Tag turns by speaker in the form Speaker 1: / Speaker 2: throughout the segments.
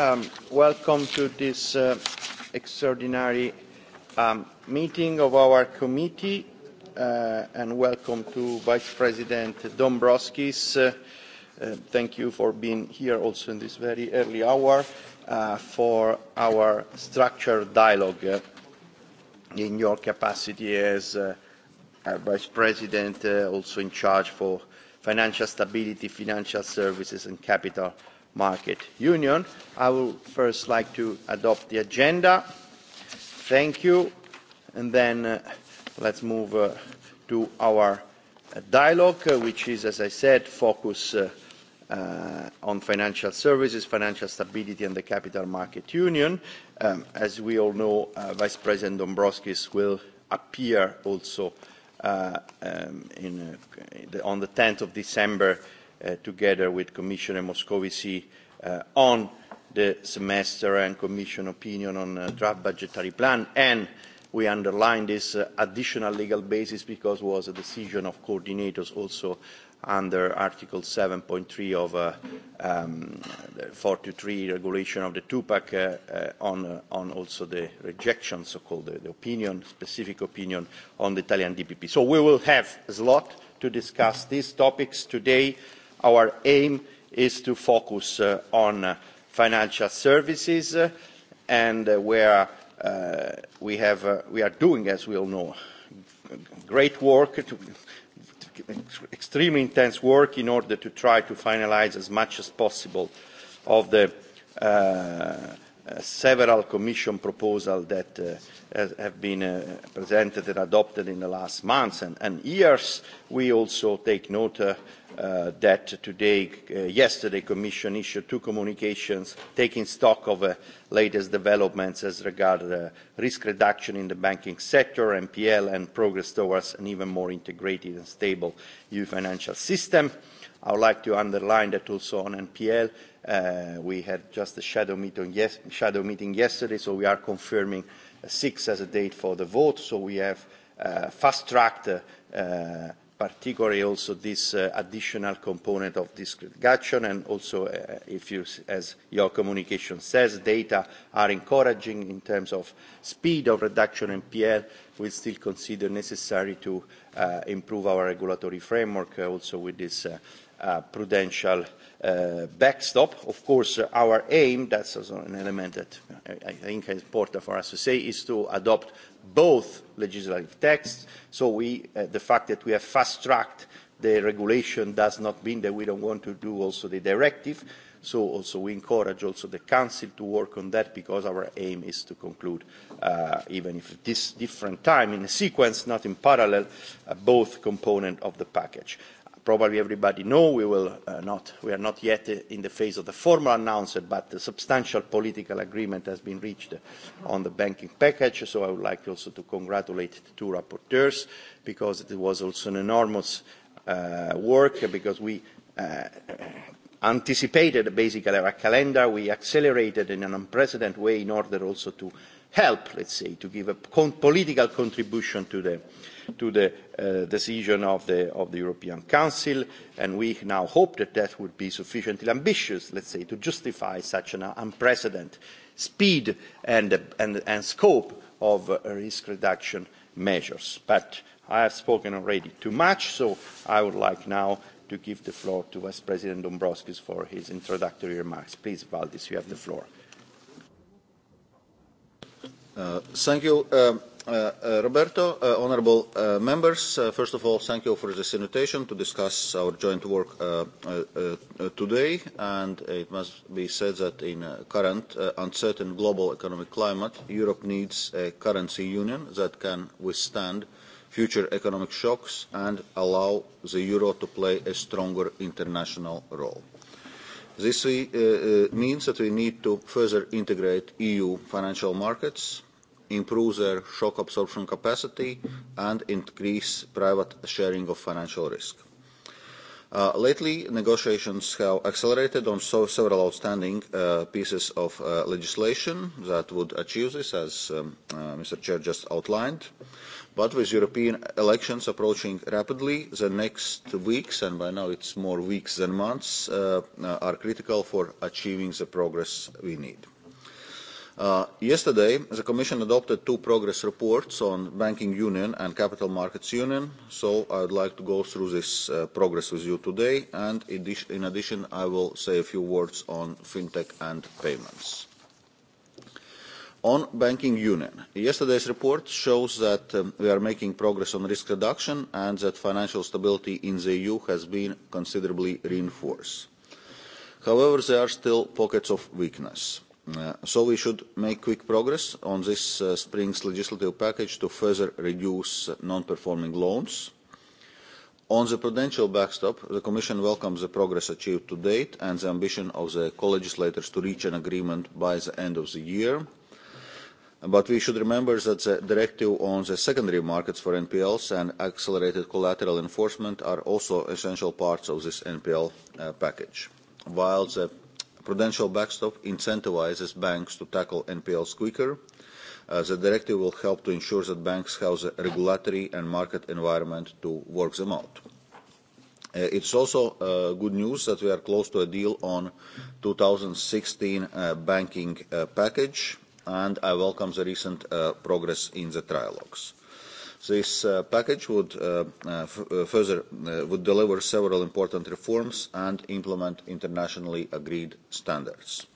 Speaker 1: Um, welcome to this uh, extraordinary um, meeting of our committee uh, and welcome to Vice President Dombrovskis. Uh, uh, thank you for being here also in this very early hour uh, for our structured dialogue uh, in your capacity as uh, Vice President, uh, also in charge for financial stability, financial services and capital market union. I would first like to adopt the agenda. Thank you. And then uh, let's move uh, to our uh, dialogue, uh, which is, as I said, focus uh, uh, on financial services, financial stability and the capital market union. Um, as we all know, uh, Vice President Dombrovskis will appear also uh, um, in, uh, on the 10th of December uh, uh, together with Commissioner Moscovici uh, on the semester and Commission opinion on uh, draft budgetary plan. And we underline this uh, additional legal basis because it was a decision of coordinators also under Article 7.3 of uh, um, 423 regulation of the TUPAC uh, uh, on, uh, on also the rejection, so-called the, the opinion, specific opinion on the Italian DPP. So we will have a slot to discuss these topics today. Uh, our aim is to focus uh, on uh, financial services uh, and uh, where uh, we, have, uh, we are doing, as we all know, great work, to, to, extremely intense work in order to try to finalize as much as possible of the uh, uh, several Commission proposals that uh, have been uh, presented and adopted in the last months and, and years. We also take note uh, uh, that today, uh, yesterday, Commission issued two communications taking stock of uh, latest developments as regard uh, risk reduction in the banking sector, MPL, and progress towards an even more integrated and stable EU financial system. I would like to underline that also on NPL, Uh, we had just a shadow meeting yesterday, so we are confirming 6 as a date for the vote. So we have uh, fast-tracked, uh, particularly also this additional component of discussion. And also, as your communication says, data are encouraging in terms of speed of reduction in NPL. We still consider necessary to improve our regulatory framework also with this prudential uh, backstop. Of course, uh, our aim, that's also an element that uh, I, I think is important for us to say, is to adopt both legislative texts. So we, uh, the fact that we have fast-tracked the regulation does not mean that we don't want to do also the directive. So also we encourage also the Council to work on that because our aim is to conclude, uh, even if this different time, in a sequence, not in parallel, uh, both component of the package. Uh, probably everybody know, we, will, uh, not, we are not yet uh, in the phase of the formal announcement, but a substantial political agreement has been reached on the banking package. So I would like also to congratulate the two rapporteurs because it was also an enormous uh, work because we uh, anticipated basically our calendar. We accelerated in an unprecedented way in order also to uh, help, let's say, to give a con political contribution to the, to the uh, decision of the, of the European Council, and we now hope that that would be sufficiently ambitious, let's say, to justify such an unprecedented speed and, and, and scope of uh, risk reduction measures. But I have spoken already too much, so I would like now to give the floor to Vice President Dombrovskis for his introductory remarks. Please, Valdis, you have the floor. Mm -hmm.
Speaker 2: Uh, thank you, um, uh, uh, Roberto. Uh, honorable uh, members, uh, first of all, thank you for this invitation to discuss our joint work uh, uh, uh, today. And it must be said that in uh, current uh, uncertain global economic climate, Europe needs a currency union that can withstand future economic shocks and allow the euro to play a stronger international role. This we, uh, uh, means that we need to further integrate EU financial markets improve their shock absorption capacity, and increase private sharing of financial risk. Uh, lately, negotiations have accelerated on so several outstanding uh, pieces of uh, legislation that would achieve this, as um, uh, Mr. Chair just outlined. But with European elections approaching rapidly, the next weeks, and by now it's more weeks than months, uh, uh are critical for achieving the progress we need. Uh, Uh, yesterday, the Commission adopted two progress reports on Banking Union and Capital Markets Union, so I would like to go through this uh, progress with you today, and in addition, I will say a few words on fintech and payments. On banking union, yesterday's report shows that um, we are making progress on risk reduction and that financial stability in the EU has been considerably reinforced. However, there are still pockets of weakness. Uh, so we should make quick progress on this uh, spring's legislative package to further reduce uh, non-performing loans. On the prudential backstop, the Commission welcomes the progress achieved to date and the ambition of the co-legislators to reach an agreement by the end of the year. But we should remember that the directive on the secondary markets for NPLs and accelerated collateral enforcement are also essential parts of this NPL uh, package. While the prudential backstop incentivizes banks to tackle NPLs quicker. Uh, the directive will help to ensure that banks have the regulatory and market environment to work them out. Uh, it's also uh, good news that we are close to a deal on 2016 uh, banking uh, package, and I welcome the recent uh, progress in the trilogues. This uh, package would uh, uh, uh, further uh, would deliver several important reforms and implement internationally agreed standards.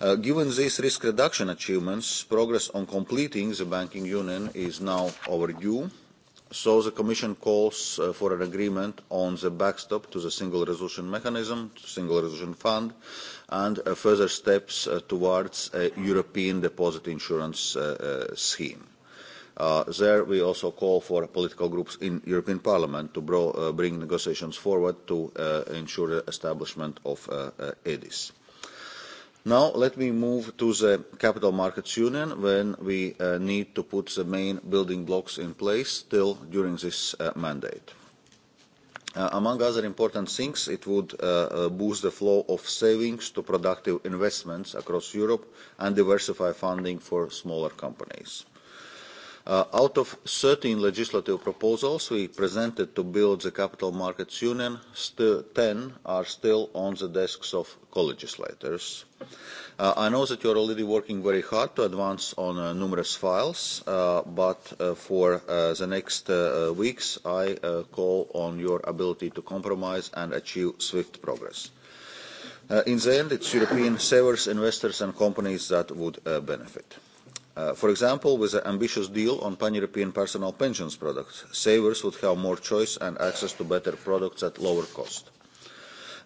Speaker 2: Uh, given these risk reduction achievements, progress on completing the banking union is now overdue. So the Commission calls uh, for an agreement on the backstop to the Single Resolution Mechanism, Single Resolution Fund, and uh, further steps uh, towards a European Deposit Insurance uh, uh, Scheme. Uh, there we also call for political groups in European Parliament to bro, uh, bring negotiations forward to uh, ensure the establishment of uh, uh, EDIS. Now let me move to the Capital Markets Union when we uh, need to put the main building blocks in place still during this uh, mandate. Uh, among other important things, it would uh, uh, boost the flow of savings to productive investments across Europe and diversify funding for smaller companies. Uh, out of 13 legislative proposals we presented to build the capital markets union, st 10 are still on the desks of co-legislators. Uh, I know that you're already working very hard to advance on uh, numerous files, uh, but uh, for uh, the next uh, weeks I uh, call on your ability to compromise and achieve swift progress. Uh, in the end, it's European savers, investors and companies that would uh, benefit. Uh, for example, with an ambitious deal on pan-European personal pensions products, savers would have more choice and access to better products at lower cost.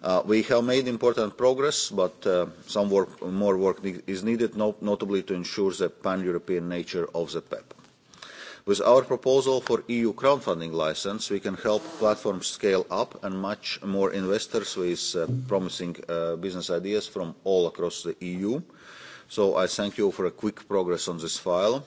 Speaker 2: Uh, we have made important progress, but uh, some work, more work ne is needed, no notably to ensure the pan-European nature of the PEP. E with our proposal for EU crowdfunding license, we can help platforms scale up and match more investors with uh, promising uh, business ideas from all across the EU. Uh, So I thank you for a quick progress on this file.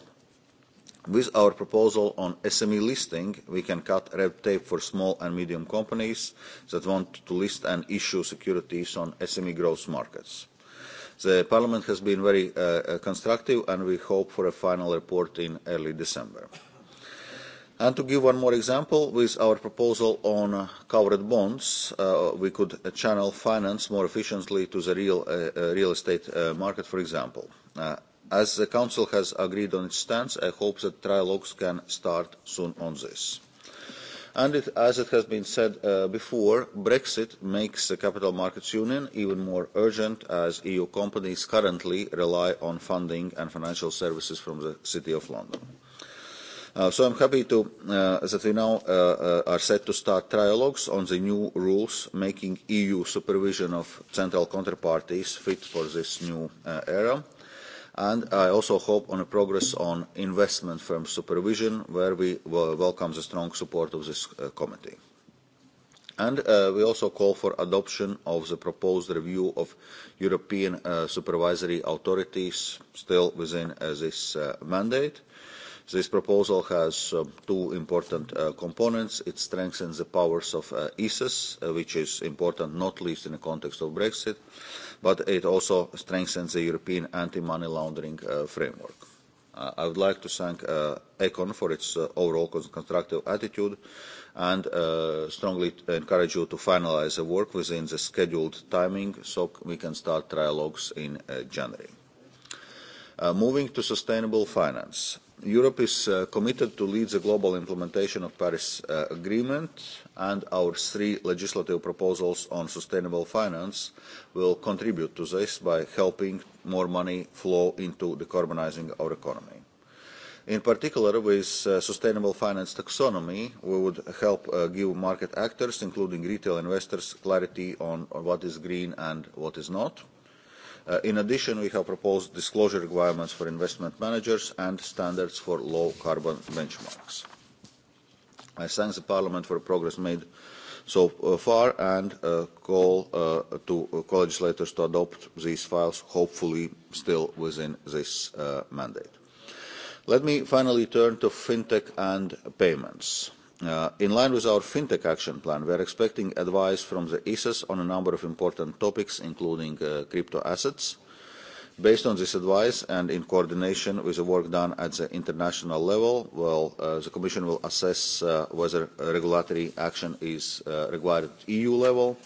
Speaker 2: With our proposal on SME listing, we can cut red tape for small and medium companies that want to list and issue securities on SME growth markets. The Parliament has been very uh, uh, constructive, and we hope for a final report in early December. And to give one more example, with our proposal on uh, covered bonds, uh, we could uh, channel finance more efficiently to the real, uh, uh, real estate uh, market, for example. Uh, as the Council has agreed on its stance, I hope that trilogues can start soon on this. And it, as it has been said uh, before, Brexit makes the Capital Markets Union even more urgent as EU companies currently rely on funding and financial services from the City of London. Uh, so I'm happy to, uh, that we now uh, uh, are set to start trialogues on the new rules making EU supervision of central counterparties fit for this new uh, era. And I also hope on a progress on investment firm supervision, where we will welcome the strong support of this uh, committee. And uh, we also call for adoption of the proposed review of European uh, supervisory authorities still within uh, this uh, mandate. Uh, This proposal has uh, two important uh, components. It strengthens the powers of uh, ESIS, uh, which is important not least in the context of Brexit, but it also strengthens the European anti-money laundering uh, framework. Uh, I would like to thank uh, ECON for its uh, overall constructive attitude and uh, strongly encourage you to finalize the work within the scheduled timing so we can start trialogues in uh, January. Uh, moving to sustainable finance. Europe is uh, committed to lead the global implementation of Paris uh, Agreement and our three legislative proposals on sustainable finance will contribute to this by helping more money flow into decarbonizing our economy. In particular, with uh, sustainable finance taxonomy, we would help uh, give market actors, including retail investors, clarity on, on what is green and what is not. Uh, Uh, in addition, we have proposed disclosure requirements for investment managers and standards for low carbon benchmarks. I thank the Parliament for the progress made so uh, far and uh, call uh, to uh, co-legislators to adopt these files, hopefully still within this uh, mandate. Let me finally turn to fintech and payments. Uh, in line with our fintech action plan, we are expecting advice from the ESAs on a number of important topics, including uh, crypto assets. Based on this advice and in coordination with the work done at the international level, well, uh, the Commission will assess uh, whether regulatory action is uh, required at EU level.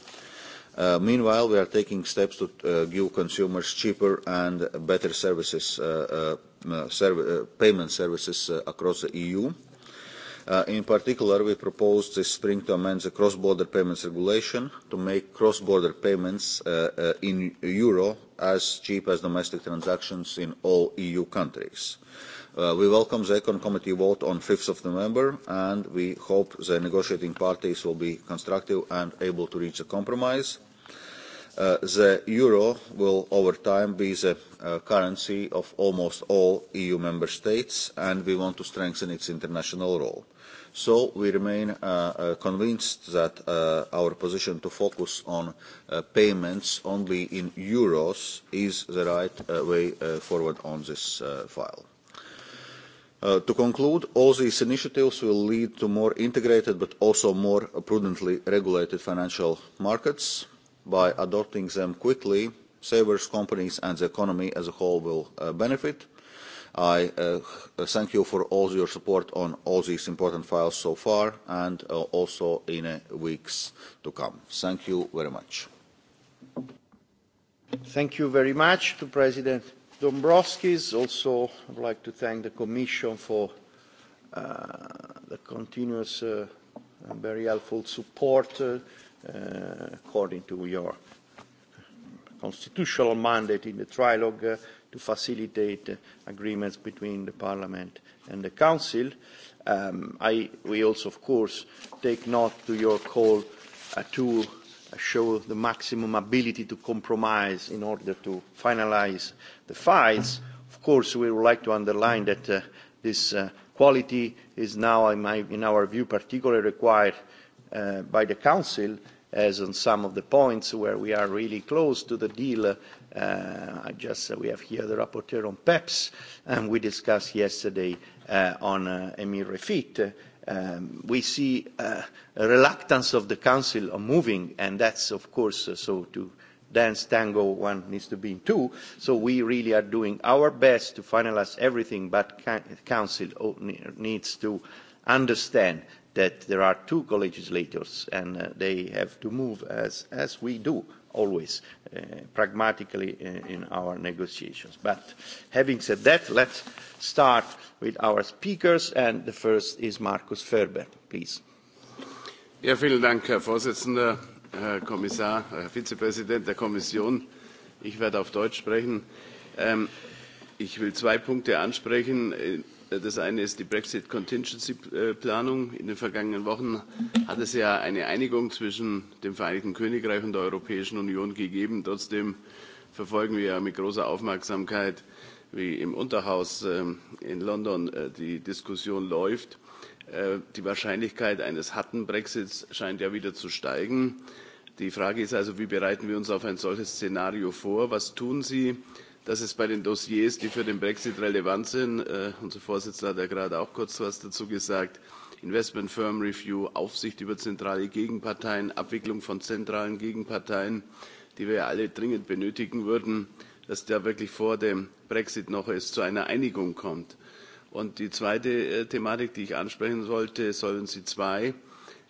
Speaker 2: Uh, meanwhile, we are taking steps to uh, give consumers cheaper and better services, uh, uh, uh serv uh, payment services uh, across the EU. Uh, Uh, in particular, we proposed this spring to amend the cross-border payments regulation to make cross-border payments uh, uh, in euro as cheap as domestic transactions in all EU countries. Uh, we welcome the Econ Committee vote on 5th of November, and we hope the negotiating parties will be constructive and able to reach a compromise. Uh, Uh, the euro will over time be the uh, currency of almost all EU member states and we want to strengthen its international role. So we remain uh, uh, convinced that uh, our position to focus on uh, payments only in euros is the right uh, way uh, forward on this uh, file. Uh, to conclude, all these initiatives will lead to more integrated but also more prudently regulated financial markets by adopting them quickly, savers, companies and the economy as a whole will uh, benefit. I uh, thank you for all your support on all these important files so far and uh, also in uh, weeks to come. Thank you very much.
Speaker 1: Thank you very much to President Dombrovskis. Also, I'd like to thank the Commission for uh, the continuous uh, and very helpful support uh, uh, according to your constitutional mandate in the trilogue uh, to facilitate uh, agreements between the Parliament and the Council. Um, I, we also, of course, take note to your call uh, to uh, show the maximum ability to compromise in order to finalize the files. Of course, we would like to underline that uh, this uh, quality is now, in, my, in our view, particularly required uh, uh, by the Council, as on some of the points where we are really close to the deal. Uh, I just uh, we have here the rapporteur on PEPs, and we discussed yesterday uh, on uh, Emir Refit. Um, we see uh, a reluctance of the Council on moving, and that's of course uh, so to dance tango one needs to be in two. So we really are doing our best to finalize everything, but Council needs to understand that there are two co-legislators and uh, they have to move as, as we do always uh, pragmatically in, uh, in our negotiations. But having said that, let's start with our speakers and the first is Markus Ferber, please.
Speaker 3: Ja, vielen Dank, Herr Vorsitzender, Herr Kommissar, Herr Vizepräsident der Kommission. Ich werde auf Deutsch sprechen. Ähm, ich will zwei Punkte ansprechen äh, Äh, das eine ist die Brexit Contingency Planung. In den vergangenen Wochen hat es ja eine Einigung zwischen dem Vereinigten Königreich und der Europäischen Union gegeben. Trotzdem verfolgen wir ja mit großer Aufmerksamkeit, wie im Unterhaus ähm, in London äh, die Diskussion läuft. Äh, die Wahrscheinlichkeit eines harten Brexits scheint ja wieder zu steigen. Die Frage ist also, wie bereiten wir uns auf ein solches Szenario vor? Was tun Sie? dass es bei den Dossiers, die für den Brexit relevant sind, äh, unser Vorsitzender hat ja gerade auch kurz was dazu gesagt, Investment Firm Review, Aufsicht über zentrale Gegenparteien, Abwicklung von zentralen Gegenparteien, die wir ja alle dringend benötigen würden, dass da wirklich vor dem Brexit noch es zu einer Einigung kommt. Und die zweite äh, Thematik, die ich ansprechen sollte, Solvency II.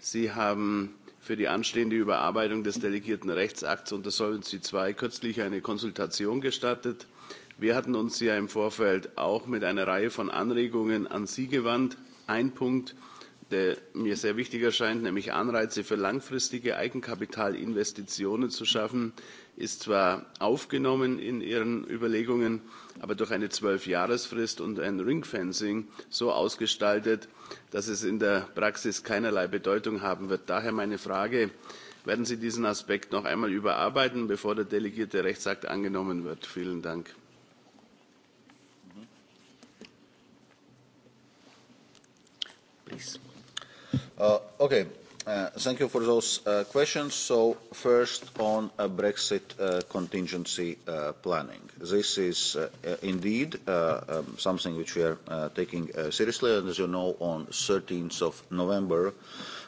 Speaker 3: Sie haben für die anstehende Überarbeitung des delegierten Rechtsakts unter Solvency II kürzlich eine Konsultation gestattet. Wir hatten uns ja im Vorfeld auch mit einer Reihe von Anregungen an Sie gewandt. Ein Punkt, der mir sehr wichtig erscheint, nämlich Anreize für langfristige Eigenkapitalinvestitionen zu schaffen, ist zwar aufgenommen in Ihren Überlegungen, aber durch eine Zwölfjahresfrist und ein Ringfencing so ausgestaltet, dass es in der Praxis keinerlei Bedeutung haben wird. Daher meine Frage, werden Sie diesen Aspekt noch einmal überarbeiten, bevor der delegierte Rechtsakt angenommen wird? Vielen Dank. Mhm.
Speaker 2: Please. Uh, okay. Uh, thank you for those uh, questions. So first on uh, Brexit uh, contingency uh, planning. This is uh, uh indeed uh, um, something which we are uh, taking uh, seriously. And as you know, on 13th of November,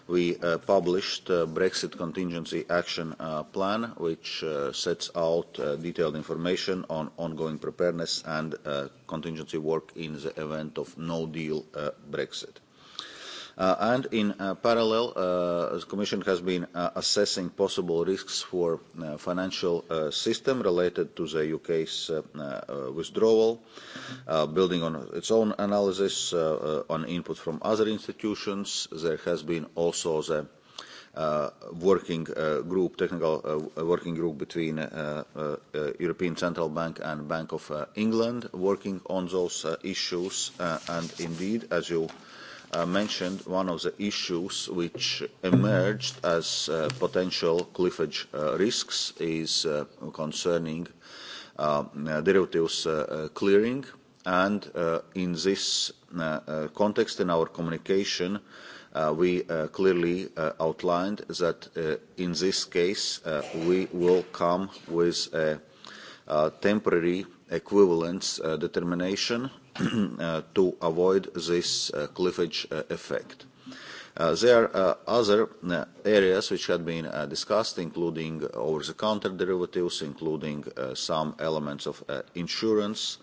Speaker 2: we uh, published a uh, Brexit contingency action uh, plan, which uh, sets out uh, detailed information on ongoing preparedness and uh, contingency work in the event of no deal uh, Brexit. Uh, and in uh, parallel, uh, the Commission has been uh, assessing possible risks for uh, financial uh, system related to the UK's uh, uh, withdrawal, uh, building on its own analysis, uh, uh, on input from other institutions. There has been also the uh, working uh, group, technical uh, working group between uh, uh, uh European Central Bank and Bank of uh, England working on those uh, issues. Uh, and indeed, as you uh, uh, mentioned one of the issues which emerged as uh, potential cliffage uh, risks is uh, concerning uh, uh derivatives uh, uh, clearing. And uh, in this uh, uh, context, in our communication, uh, we uh, clearly uh, outlined that uh, in this case uh, we will come with a, a uh, temporary equivalence uh, determination uh, to avoid this uh, cliffage uh, effect. Uh, there are uh, other uh, areas which had been uh, discussed, including over-the-counter derivatives, including uh, some elements of uh, insurance, uh,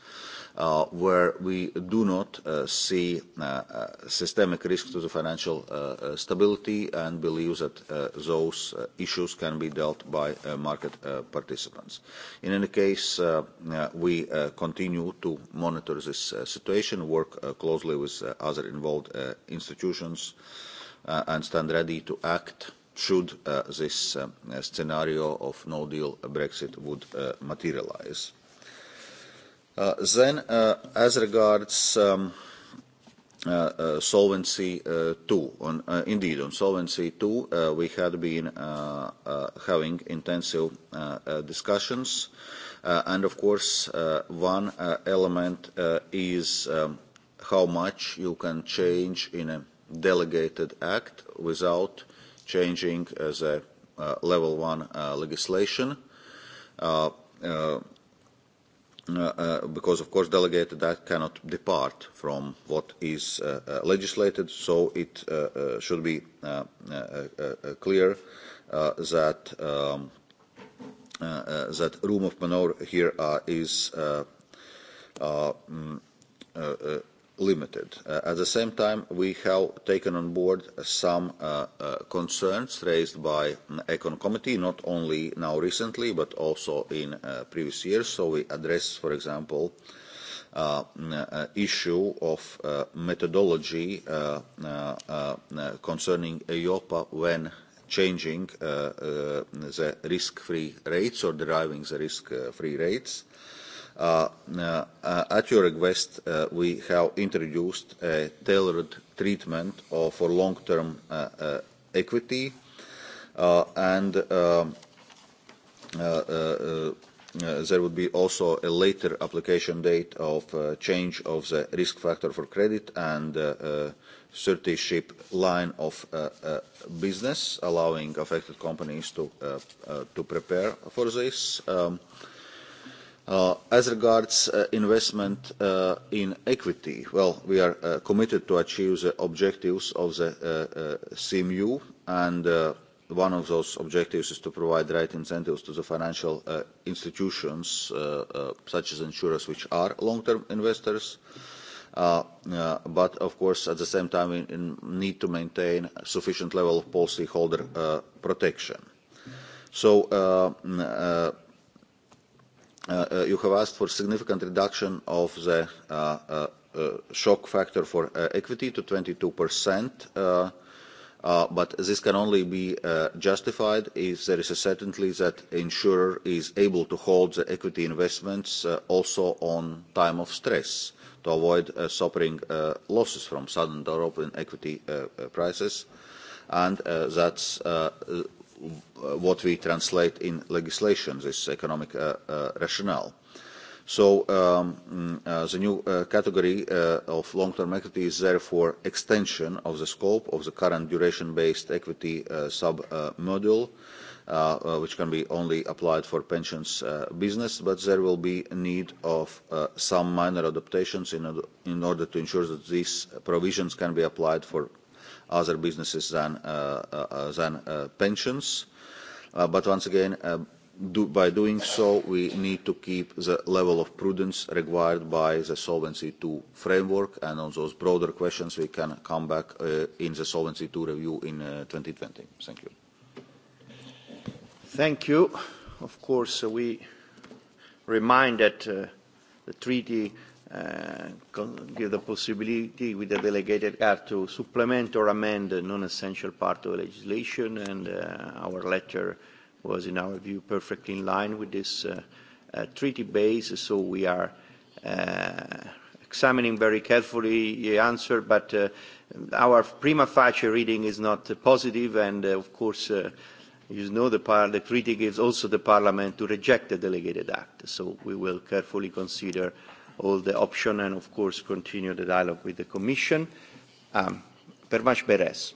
Speaker 2: uh, where we do not uh, see uh, uh, systemic risk to the financial uh, uh, stability and believe that uh, those uh, issues can be dealt by uh, market uh, participants. In any case, uh, uh, we uh, continue to monitor this uh, situation, work uh, closely with uh, other involved uh, institutions, uh, and stand ready to act should uh, this uh, scenario of no-deal Brexit would uh, materialize. Uh, then, uh, as regards um, uh, uh, Solvency uh, II, on, uh, indeed, on Solvency II, uh, we had been uh, uh, having intensive uh, uh, discussions, uh, and of course, uh, one uh, element uh, is um, how much you can change in a delegated act without changing as a uh, level one uh, legislation. Uh, uh, Uh, uh, because of course delegated that cannot depart from what is uh, uh, legislated so it uh, uh, should be uh, uh, uh, uh clear uh, that um, uh, uh, that room of maneuver here uh, is uh, uh, mm, uh, uh, limited. Uh, at the same time, we have taken on board some uh, uh, concerns raised by Econ Committee, not only now recently, but also in uh, previous years. So we address, for example, uh, uh, issue of uh, methodology uh, uh, uh, concerning EIOPA when changing uh, uh, the risk-free rates or deriving the risk-free uh, rates Uh, uh, at your request, uh, we have introduced a tailored treatment uh, for long-term uh, uh, equity uh, and uh, uh, uh, uh, uh there would be also a later application date of uh, change of the risk factor for credit and uh, uh, 30 ship line of uh, uh, business allowing affected companies to uh, uh, to prepare for this um, uh, Uh, as regards uh, investment uh, in equity, well, we are uh, committed to achieve the objectives of the uh, uh, CMU, and uh, one of those objectives is to provide right incentives to the financial uh, institutions, uh, uh, such as insurers, which are long-term investors. Uh, uh, but of course, at the same time, we need to maintain a sufficient level of policyholder uh, protection. So, uh, uh, Uh, uh, you have asked for significant reduction of the uh, uh, uh, shock factor for uh, equity to 22%, uh, uh, but this can only be uh, justified if there is a certainty that insurer is able to hold the equity investments uh, also on time of stress to avoid uh, suffering uh, losses from sudden drop in equity uh, uh prices. And uh, that's uh, what we translate in legislation, this economic uh, uh, rationale. So um, uh, the new uh, category uh, of long-term equity is therefore extension of the scope of the current duration-based equity uh, sub-module, uh, uh, uh, which can be only applied for pensions uh, business, but there will be a need of uh, some minor adaptations in, ad in order to ensure that these provisions can be applied for other businesses than, uh, uh, than uh, pensions. Uh, but once again, uh, do, by doing so, we need to keep the level of prudence required by the Solvency II framework, and on those broader questions, we can come back uh, in the Solvency II review in uh, 2020. Thank you.
Speaker 1: Thank you. Of course, uh, we remind that uh, the treaty Uh, give the possibility with the delegated act to supplement or amend the non-essential part of the legislation and uh, our letter was in our view perfectly in line with this uh, uh, treaty base so we are uh, examining very carefully the answer but uh, our prima facie reading is not uh, positive and uh, of course uh, you know the, par the treaty gives also the parliament to reject the delegated act so we will carefully consider uh, all the options and, of course, continue the dialogue with the Commission. Um, Pervash Beres.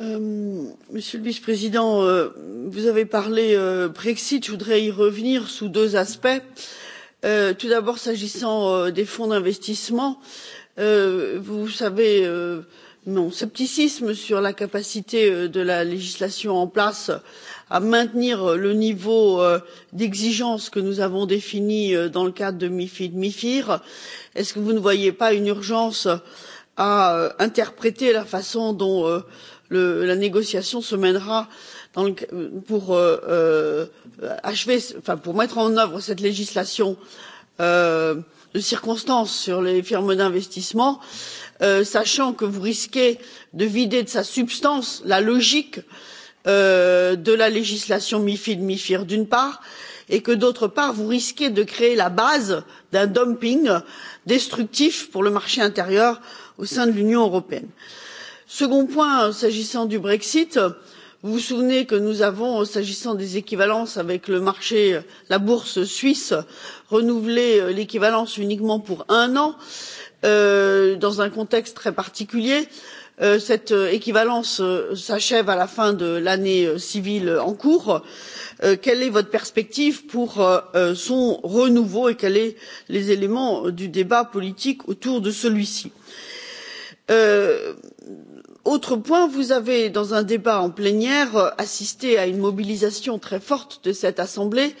Speaker 4: Euh, Monsieur le Vice-président, euh, vous avez parlé euh, Brexit. Je voudrais y revenir sous deux aspects. Euh, tout d'abord, s'agissant euh, des fonds d'investissement, euh, vous savez euh, mon scepticisme sur la capacité euh, de la législation en place à maintenir euh, le niveau euh, d'exigence que nous avons défini dans le cadre de mifid mifir est ce que vous ne voyez pas une urgence à interpréter la façon dont le, la négociation se mènera dans le, pour euh, achever enfin pour mettre en œuvre cette législation euh, de circonstance sur les firmes d'investissement et euh, sachant que vous risquez de vider de sa substance la logique euh, de la législation mifid mifir d'une part et que d'autre part vous risquez de créer la base d'un dumping destructif pour le marché intérieur au sein de l'union européenne. second point s'agissant du brexit vous vous souvenez que nous avons s'agissant des équivalences avec le marché la bourse suisse renouvelé euh, l'équivalence uniquement pour un an et euh, dans un contexte très particulier. Euh, cette euh, équivalence euh, s'achève à la fin de l'année euh, civile en cours. Euh, quelle est votre perspective pour son renouveau et quels sont les éléments du débat politique autour de celui ci? autre point vous avez dans un débat en plénière assisté à une mobilisation très forte de cette assemblée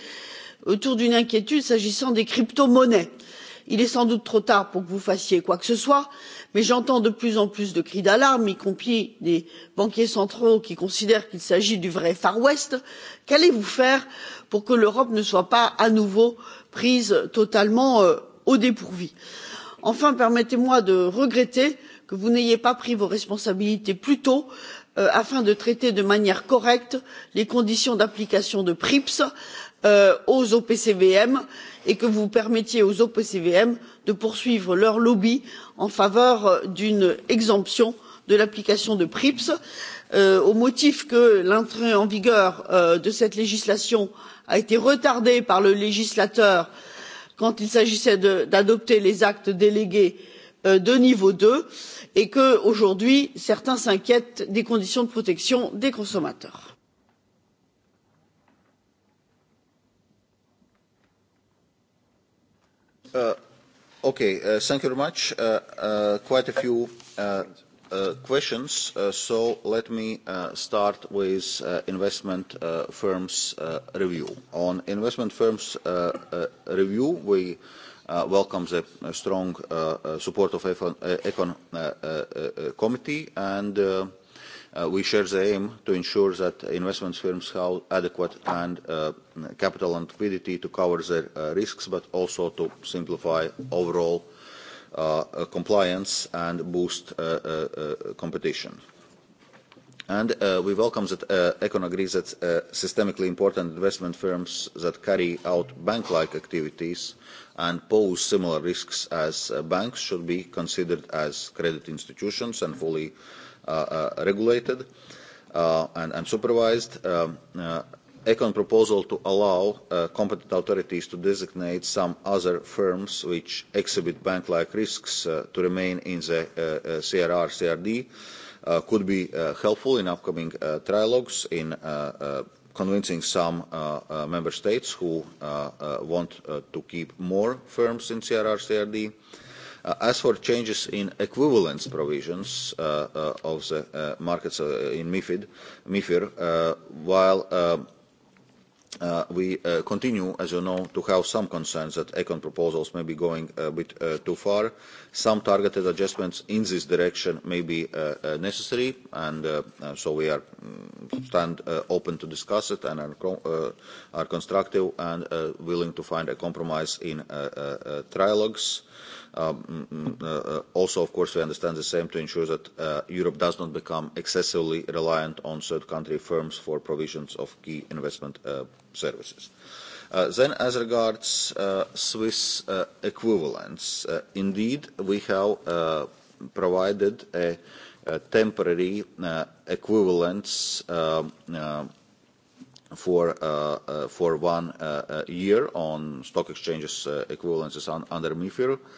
Speaker 4: autour d'une inquiétude s'agissant des crypto monnaies il est sans doute trop tard pour que vous fassiez quoi que ce soit mais j'entends de plus en plus de cris d'alarme y compris des banquiers centraux qui considèrent qu'il s'agit du vrai far west. qu'allez vous faire pour que l'europe ne soit pas à nouveau prise totalement euh, au dépourvu? enfin permettez moi de regretter que vous n'ayez pas pris vos responsabilités plus tôt euh, afin de traiter de manière correcte les conditions d'application des prips Euh, aux opcvm et que vous permettiez aux opcvm de poursuivre leur lobby en faveur d'une exemption de l'application des prips euh, au motif que l'entrée en vigueur euh, de cette législation a été retardée par le législateur quand il s'agissait d'adopter les actes délégués de niveau deux et que aujourd'hui certains s'inquiètent des conditions de protection des consommateurs.
Speaker 2: Uh, okay, uh, thank you very much. Uh, uh, quite a few uh, uh, questions, uh, so let me uh, start with uh, investment uh, firms uh, review. On investment firms uh, uh, review, we uh, welcome the uh, strong uh, uh support of Econ, uh, Econ uh, uh, uh, Committee and uh, Uh, we share the aim to ensure that investment firms have adequate and uh, capital and liquidity to cover their uh, risks, but also to simplify overall uh, uh, compliance and boost uh, uh, uh, competition. And uh, we welcome that uh, Econ agrees that uh, systemically important investment firms that carry out bank-like activities and pose similar risks as uh, banks should be considered as credit institutions and fully uh, Uh, uh, regulated uh, and, and supervised. Um, Econ proposal to allow uh, competent authorities to designate some other firms which exhibit bank-like risks uh, to remain in the uh, uh, CRR CRD uh, could be uh, helpful in upcoming uh, trilogues in uh, uh, convincing some uh, uh, member states who uh, uh, want uh, to keep more firms in CRR CRD. Uh, Uh, as for changes in equivalence provisions uh, uh, of the uh, markets uh, in MIFID, MIFIR, uh, while uh, uh, we uh, continue, as you know, to have some concerns that ECON proposals may be going a bit uh, too far. Some targeted adjustments in this direction may be uh, uh, necessary, and uh, uh, so we are um, stand uh, open to discuss it and are, co uh, are constructive and uh, willing to find a compromise in uh, uh, uh, trilogues. Uh, Um, mm, mm, uh, uh, also, of course, we understand the same to ensure that uh, Europe does not become excessively reliant on third country firms for provisions of key investment uh, services. Uh, then, as regards uh, Swiss uh, equivalents, uh, indeed, we have uh, provided a, a temporary uh, equivalence uh, um, uh, for, uh, uh, for one uh, uh year on stock exchanges uh, equivalences un under MIFIR. Uh,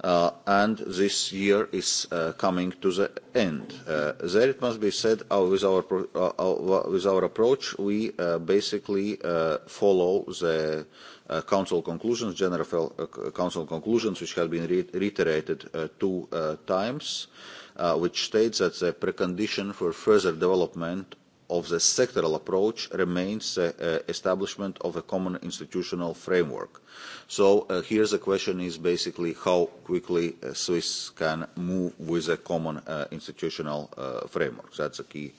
Speaker 2: uh, and this year is uh, coming to the end. Uh, there it must be said uh, with, our pro uh, uh, with our approach we uh, basically uh, follow the uh, council conclusions, general uh, council conclusions which have been re reiterated uh, two uh, times uh, which states that the precondition for further development of the sectoral approach remains the uh, establishment of a common institutional framework. So uh, here the question is basically how quickly uh, Swiss can move with a common uh, institutional uh, framework. That's a key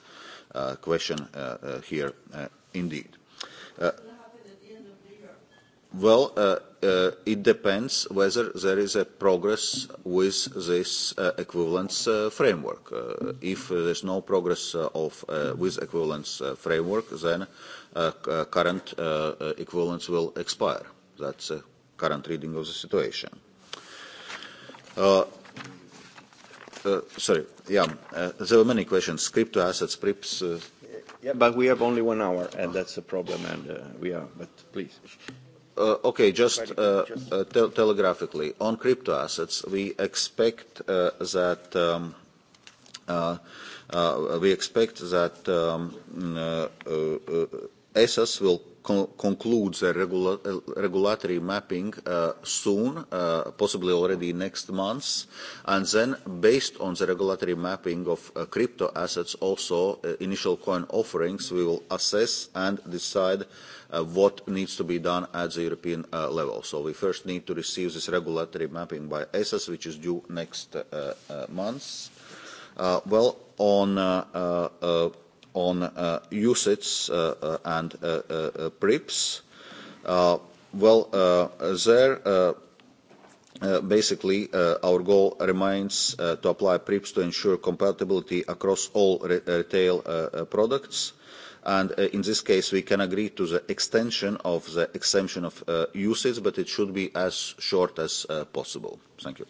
Speaker 2: uh, question uh, uh, here uh, indeed. Uh, Well, uh, uh, it depends whether there is a progress with this uh, equivalence uh, framework. Uh, if uh, there's no progress uh, of, uh, with equivalence uh, framework, then uh, uh, current uh, uh, equivalence will expire. That's a uh, current reading of the situation. Uh, uh, sorry, yeah, uh, there were many questions. Crypto assets, PRIPS. Uh,
Speaker 1: yeah, but we have only one hour, and that's a problem, and uh, we are,
Speaker 2: but please. Uh, okay, just, uh, uh, te telegraphically. On crypto assets, we expect uh, that um, uh, uh, we expect that um, mm, uh, uh, ESAS uh, will con conclude the regula uh, regulatory mapping uh, soon, uh, possibly already next month. And then, based on the regulatory mapping of uh, crypto assets, also uh, initial coin offerings, we will assess and decide uh, uh, what needs to be done at the European uh, level. So we first need to receive this regulatory mapping by ESAS, which is due next uh, uh, month. Uh, well, on uh, uh, uh, on uh, UCITS uh, uh and uh, uh, uh PRIPS, uh, well, uh, there uh, Uh, basically, uh, our goal remains uh, to apply PRIIPs to ensure compatibility across all re retail products and uh, in this case we can agree to the extension of the exemption of uh, uses but it should be as short as uh, possible. Thank you.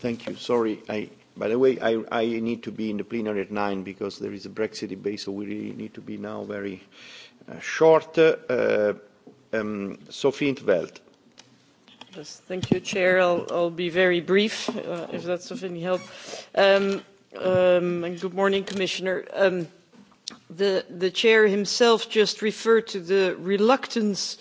Speaker 2: Thank you. Sorry, I, by
Speaker 1: the way, I, I need to be in the plenary at nine because there is a Brexit debate, so we really need to be now very uh, short. Uh, um, Sophie Intveld.
Speaker 5: Yes, thank you, Chair. I'll, I'll be very brief, uh, if that's of any help. Um, um, and good morning, Commissioner. Um, The, the chair himself just referred to the reluctance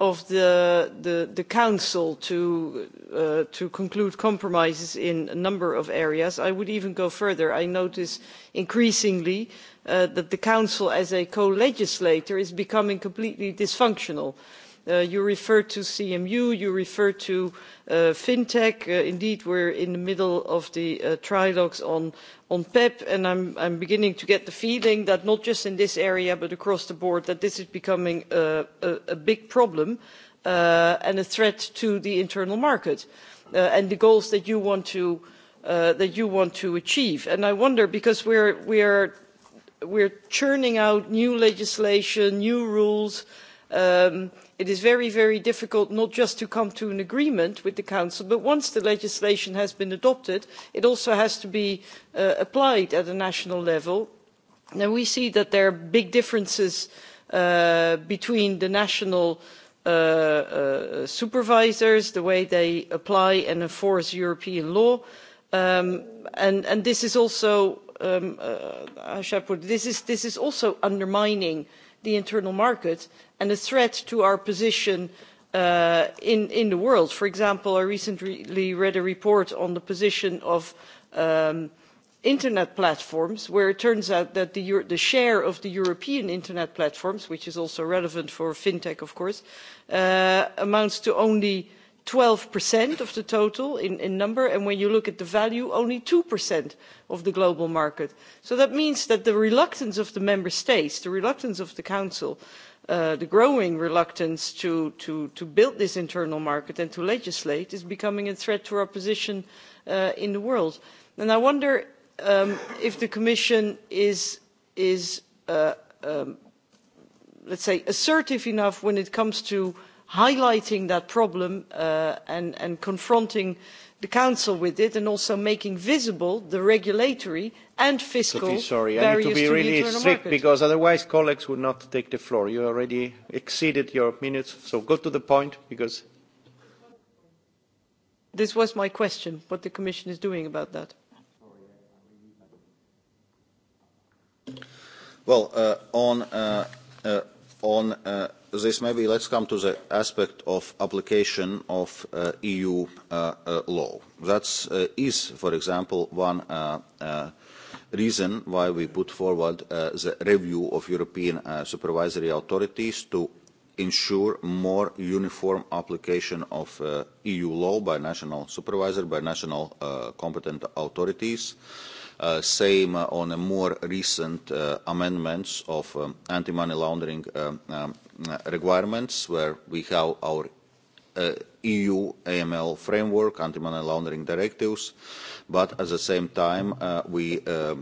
Speaker 5: of the, the, the council to, uh, to conclude compromises in a number of areas. I would even go further. I notice increasingly uh, that the council as a co-legislator is becoming completely dysfunctional. Uh, Uh, you referred to CMU, you referred to uh, fintech. Uh, indeed, we're in the middle of the uh, trilogues on, on PEP, e and I'm, I'm beginning to get the feeling that not just in this area, but across the board, that this is becoming a, a, a big problem uh, and a threat to the internal market uh, and the goals that you want to uh, that you want to achieve. And I wonder because we're we're we're churning out new legislation, new rules. Um, uh, it is very very difficult not just to come to an agreement with the council but once the legislation has been adopted it also has to be uh, applied at a national level and we see that there are big differences uh, between the national uh, uh, supervisors the way they apply and enforce european law um, and, and this is also um, uh, how shall I put it, this is, this is also undermining uh, the internal market and a threat to our position uh, in, in the world. For example, I recently read a report on the position of um, internet platforms where it turns out that the, Euro the share of the European internet platforms, which is also relevant for fintech, of course, uh, amounts to only twelve of the total in, in number and when you look at the value only two of the global market. so that means that the reluctance of the member states the reluctance of the council uh, the growing reluctance to, to, to build this internal market and to legislate is becoming a threat to our position uh, in the world. And i wonder um, if the commission is, is uh, um, let's say assertive enough when it comes to highlighting that problem uh, and, and confronting the council with it and also making visible the regulatory and fiscal Sophie, sorry, I barriers I need to be to really the strict market. because
Speaker 1: otherwise colleagues would not take the floor. You already exceeded your minutes, so go to the point because
Speaker 5: this was my question, what the Commission is doing about that.
Speaker 2: Well, uh, on uh, uh, on uh, this, maybe let's come to the aspect of application of uh, EU uh, uh, law. That uh, is, for example, one uh, uh, reason why we put forward uh, the review of European uh, supervisory authorities to ensure more uniform application of uh, EU law by national supervisor, by national uh, competent authorities. Uh, Uh, same uh, on a more recent uh, amendments of um, anti-money laundering uh, um, um, requirements, where we have our uh, EU AML framework, anti-money laundering directives, but at the same time uh, we uh,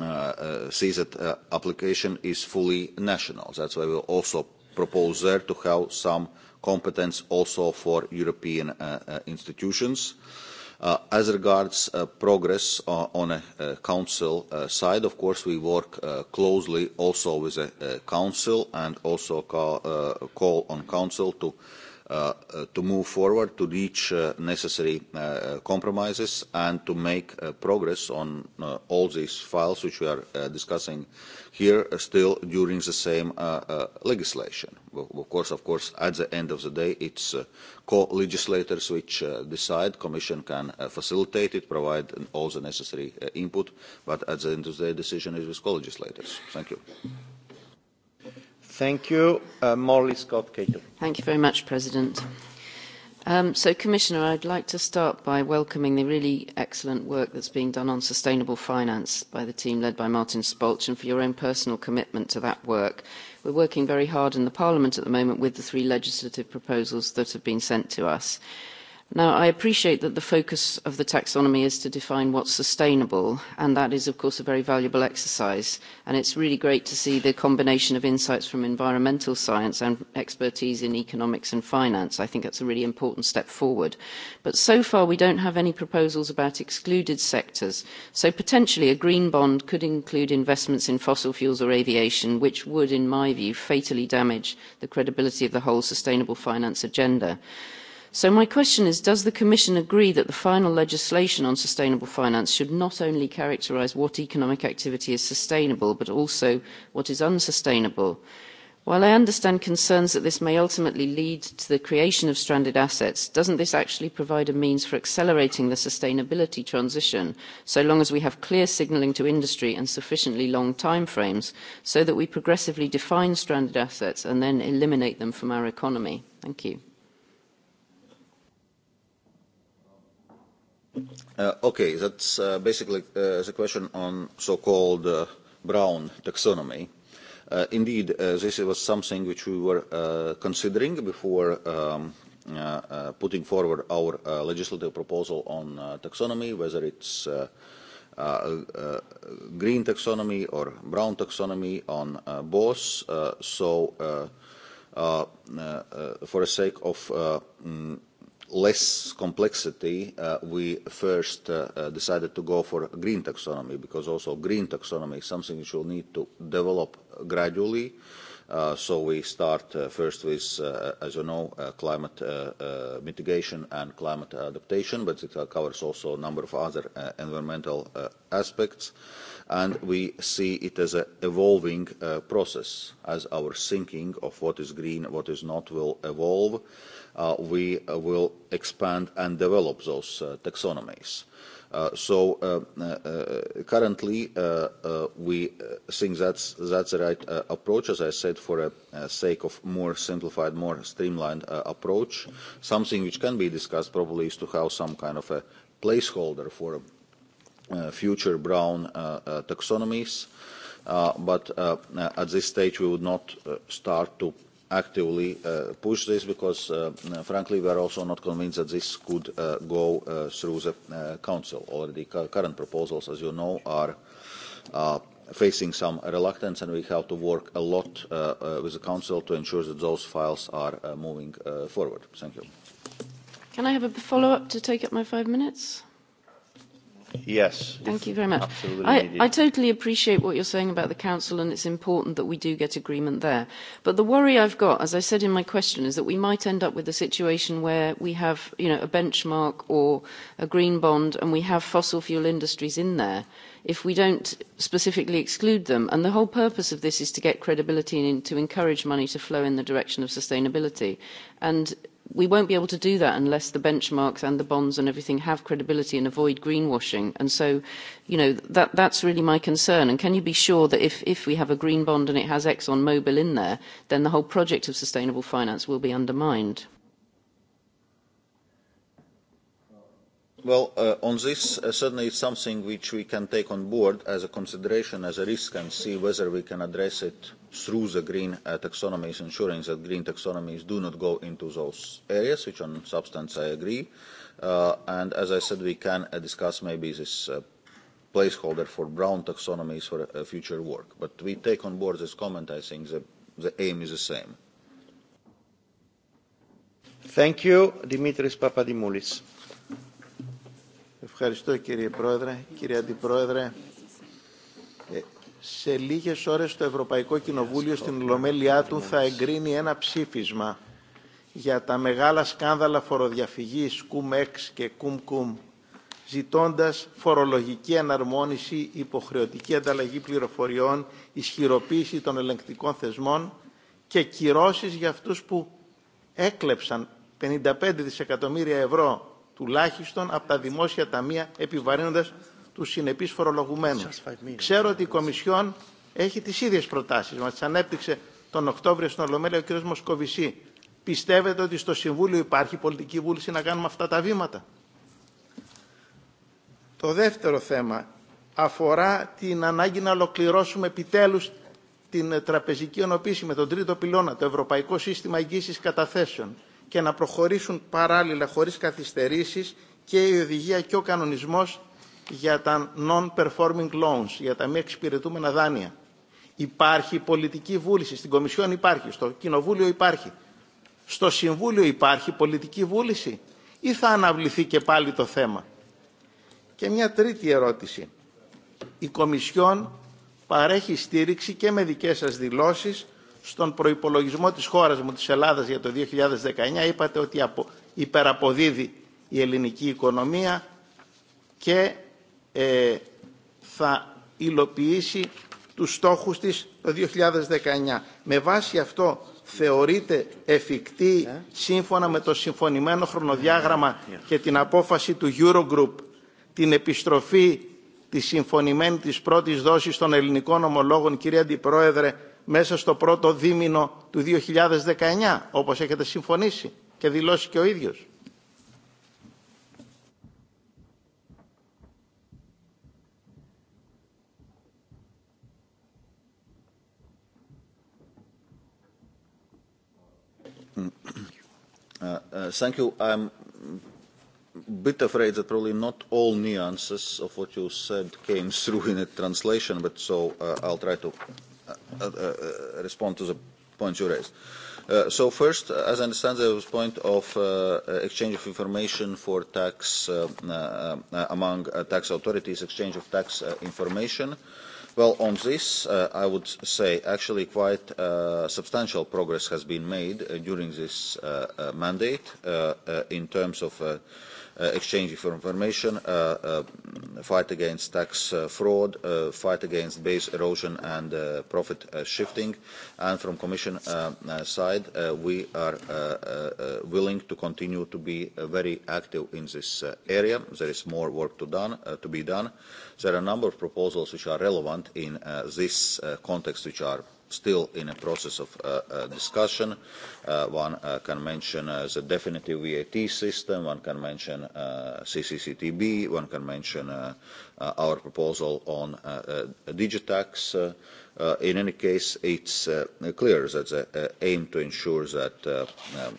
Speaker 2: uh, uh, see that uh, application is fully national. That's why we also propose there to have some competence also for European uh, uh, institutions. Uh, Uh, as regards uh, progress uh, on a uh, council uh, side, of course, we work uh, closely also with the uh, council and also call, uh, call on council to uh, uh, uh, to move forward, to reach uh, necessary uh, uh, compromises, and to make uh, progress on uh, all these files which we are uh, discussing here uh, still during the same uh, uh, legislation. Of course, of course, at the end of the day, it's uh, co-legislators which uh, decide. Commission can uh, facilitate it, provide all the necessary uh, input, but at the end of the day, decision is with co-legislators. Thank you. Mm -hmm. Thank you. Uh, Molly Scott Cato.
Speaker 6: Thank you very much, President. Um, so, Commissioner, I'd like to start by welcoming the really excellent work that's being done on sustainable finance by the team led by Martin Spolch and for your own personal commitment to that work. We're working very hard in the Parliament at the moment with the three legislative proposals that have been sent to us. Now, I appreciate that the focus of the taxonomy is to define what's sustainable, and that is, of course, a very valuable exercise. And it's really great to see the combination of insights from environmental science and expertise in economics and finance. I think that's a really important step forward. But so far, we don't have any proposals about excluded sectors. So potentially, a green bond could include investments in fossil fuels or aviation, which would, in my view, fatally damage the credibility of the whole sustainable finance agenda so my question is does the commission agree that the final legislation on sustainable finance should not only characterise what economic activity is sustainable but also what is unsustainable? while i understand concerns that this may ultimately lead to the creation of stranded assets doesn't this actually provide a means for accelerating the sustainability transition so long as we have clear signalling to industry and sufficiently long timeframes so that we progressively define stranded assets and then eliminate them from our economy? thank you.
Speaker 2: Uh, okay, that's uh, basically uh, the question on so-called uh, brown taxonomy. Uh, indeed, uh, this was something which we were uh, considering before um, uh, uh, putting forward our uh, legislative proposal on uh, taxonomy, whether it's uh, uh, uh, green taxonomy or brown taxonomy on uh, both. Uh, so, uh, uh, uh, for the sake of uh, mm, less complexity, uh, we first uh, uh, decided to go for green taxonomy because also green taxonomy is something which will need to develop gradually. Uh, so we start uh, first with, uh, as you know, uh, climate uh, uh, mitigation and climate adaptation, but it uh, covers also a number of other uh, environmental uh, aspects. And we see it as an evolving uh, process as our thinking of what is green, what is not will evolve. Uh, uh, we uh, will expand and develop those uh, taxonomies. Uh, so uh, uh, uh currently, uh, uh, we uh, think that's that's the right uh, approach, as I said, for a uh, uh, sake of more simplified, more streamlined uh, approach. Something which can be discussed probably is to have some kind of a placeholder for uh, future brown uh, uh, taxonomies. Uh, but uh, at this stage, we would not uh, start to actively uh, push this because, uh, frankly, we are also not convinced that this could uh, go uh, through the uh, Council. Already current proposals, as you know, are uh, facing some reluctance and we have to work a lot uh, uh, with the Council to ensure that those files are uh, moving uh, forward. Thank you.
Speaker 6: Can I have a follow-up to take up my five minutes? Yes. Thank you very much. I, needed. I totally appreciate what you're saying about the Council, and it's important that we do get agreement there. But the worry I've got, as I said in my question, is that we might end up with a situation where we have you know, a benchmark or a green bond, and we have fossil fuel industries in there if we don't specifically exclude them. And the whole purpose of this is to get credibility and to encourage money to flow in the direction of sustainability. And we won't be able to do that unless the benchmarks and the bonds and everything have credibility and avoid greenwashing. And so, you know, that, that's really my concern. And can you be sure that if, if we have a green bond and it has ExxonMobil in there, then the whole project of sustainable finance will be undermined?
Speaker 2: Well, uh, on this, uh, certainly it's something which we can take on board as a consideration, as a risk, and see whether we can address it through the green uh, taxonomies, ensuring that green taxonomies do not go into those areas, which on substance I agree. Uh, and as I said, we can uh, discuss maybe this uh, placeholder for brown taxonomies for uh, future work. But we take on board this comment. I think the, the aim is the same. Thank you, Dimitris Papadimoulis. Ευχαριστώ κύριε Πρόεδρε, κύριε
Speaker 7: Αντιπρόεδρε. Σε λίγες ώρες το Ευρωπαϊκό Κοινοβούλιο στην Ολομέλειά του θα εγκρίνει ένα ψήφισμα για τα μεγάλα σκάνδαλα φοροδιαφυγής κουμ-6 και κουμ-κουμ ζητώντας φορολογική αναρμόνιση, υποχρεωτική ανταλλαγή πληροφοριών, ισχυροποίηση των ελεγκτικών θεσμών και κυρώσεις για αυτούς που έκλεψαν 55 δισεκατομμύρια ευρώ τουλάχιστον από τα δημόσια ταμεία επιβαρύνοντας τους συνεπείς φορολογουμένους. Ξέρω ότι η Κομισιόν έχει τις ίδιες προτάσεις. Μας τις ανέπτυξε τον Οκτώβριο στην Ολομέλεια ο κ. Μοσκοβισή. Πιστεύετε ότι στο Συμβούλιο υπάρχει πολιτική βούληση να κάνουμε αυτά τα βήματα. Το δεύτερο θέμα αφορά την ανάγκη να ολοκληρώσουμε επιτέλους την τραπεζική ενοποίηση με τον τρίτο πυλώνα, το Ευρωπαϊκό Σύστημα Εγγύησης Καταθέσεων και να προχωρήσουν παράλληλα χωρίς καθυστερήσεις και η οδηγία και ο κανονισμός για τα non-performing loans, για τα μη εξυπηρετούμενα δάνεια. Υπάρχει πολιτική βούληση. Στην Κομισιόν υπάρχει, στο Κοινοβούλιο υπάρχει. Στο Συμβούλιο υπάρχει πολιτική βούληση ή θα αναβληθεί και πάλι το θέμα. Και μια τρίτη ερώτηση. Η Κομισιόν παρέχει στήριξη και με δικές σας δηλώσεις στον προϋπολογισμό της χώρας μου, της Ελλάδας για το 2019 είπατε ότι υπεραποδίδει η ελληνική οικονομία και ε, θα υλοποιήσει τους στόχους της το 2019. Με βάση αυτό θεωρείται εφικτή σύμφωνα με το συμφωνημένο χρονοδιάγραμμα και την απόφαση του Eurogroup την επιστροφή τη συμφωνημένη της πρώτης δόσης των ελληνικών ομολόγων, κύριε Αντιπρόεδρε, μέσα στο πρώτο δίμηνο του 2019, όπως έχετε συμφωνήσει και δηλώσει και ο ίδιος.
Speaker 2: Uh, uh, thank you. I'm a bit afraid that probably not all nuances of what you said came through in a translation, but so uh, I'll try to Uh, uh, uh, respond to the points you raised. Uh, so first, as I understand, there was point of uh, uh exchange of information for tax uh, uh, uh, among uh, tax authorities, exchange of tax uh, information. Well, on this, uh, I would say actually quite uh, substantial progress has been made uh, during this uh, uh, mandate uh, uh, in terms of uh, uh, exchange of information, uh, uh, fight against tax uh, fraud, uh, fight against base erosion and uh, profit uh, shifting. And from Commission uh, uh, side, uh, we are uh, uh, uh, willing to continue to be uh, very active in this uh, area. There is more work to, done, uh, to be done. There are a number of proposals which are relevant in uh, this uh, context, which are still in a process of uh, uh, discussion. Uh, one uh, can mention uh, the definitive VAT system, one can mention uh, CCCTB, one can mention uh, uh, our proposal on uh, uh, digitax. Uh, uh, in any case, it's uh, clear that the uh, aim to ensure that uh, um,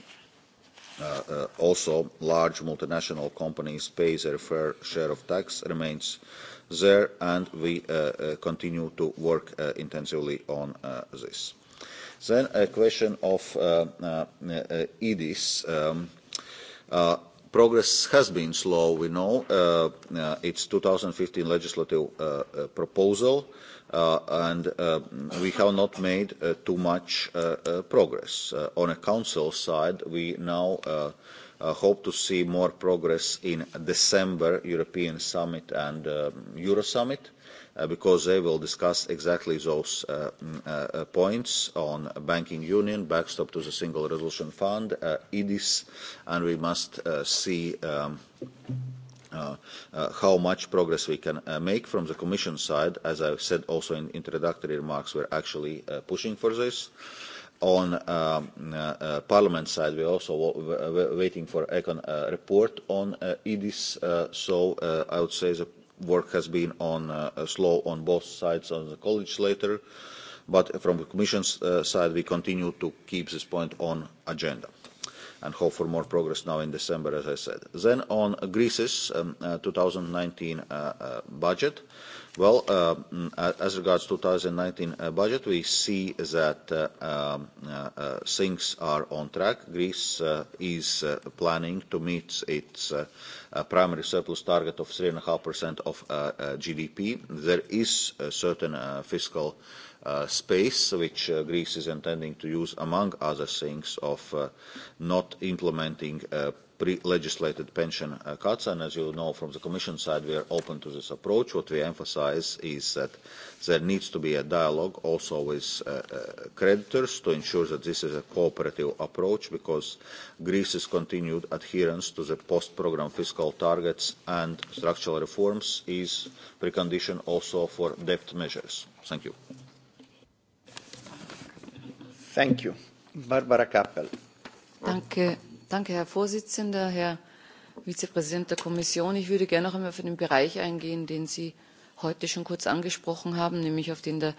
Speaker 2: Uh, uh, also large multinational companies pay their fair share of tax remains uh, there, and we uh, uh, continue to work uh, intensively on uh, this. Then a question of uh, uh, uh EDIS. Um, uh, progress has been slow, we know. Uh, uh, it's 2015 legislative uh, uh, proposal, uh, and uh, we have not made uh, too much uh, uh, progress. Uh, on a council side, we now uh, uh, hope to see more progress in December European Summit and uh, Euro Summit. Uh, because they will discuss exactly those uh, mm, uh, uh, points on banking union, backstop to the single resolution fund, uh, EDIS, and we must uh, see um, uh, uh, how much progress we can uh, make from the Commission side. As I've said also in introductory remarks, we're actually uh, pushing for this. Uh, on um, uh, uh, Parliament side, we're also waiting for Econ uh, report on uh, EDIS. Uh, so uh, I would say the work has been on uh, slow on both sides on the legislator, but from the Commission's uh, side, we continue to keep this point on agenda and hope for more progress now in December, as I said. Then on Greece's um, uh, 2019 uh, uh, budget. Uh, Well, uh, mm, as regards 2019 uh, budget, we see that uh, um, things are on track. Greece is planning to meet its primary surplus target of 3.5% of GDP. There is a certain fiscal space, which Greece is intending to use, among other things, of not implementing pre-legislated pension uh, cuts. And as you know from the Commission side, we are open to this approach. What we emphasize is that there needs to be a dialogue also with uh, uh, creditors to ensure that this is a cooperative approach because Greece's continued adherence to the post-program fiscal targets and structural reforms is precondition also for debt measures. Thank you. Thank you. Barbara Kappel.
Speaker 8: Danke, Danke, Herr Vorsitzender, Herr Vizepräsident der Kommission. Ich würde gerne noch einmal auf den Bereich eingehen, den Sie heute schon kurz angesprochen haben, nämlich auf den der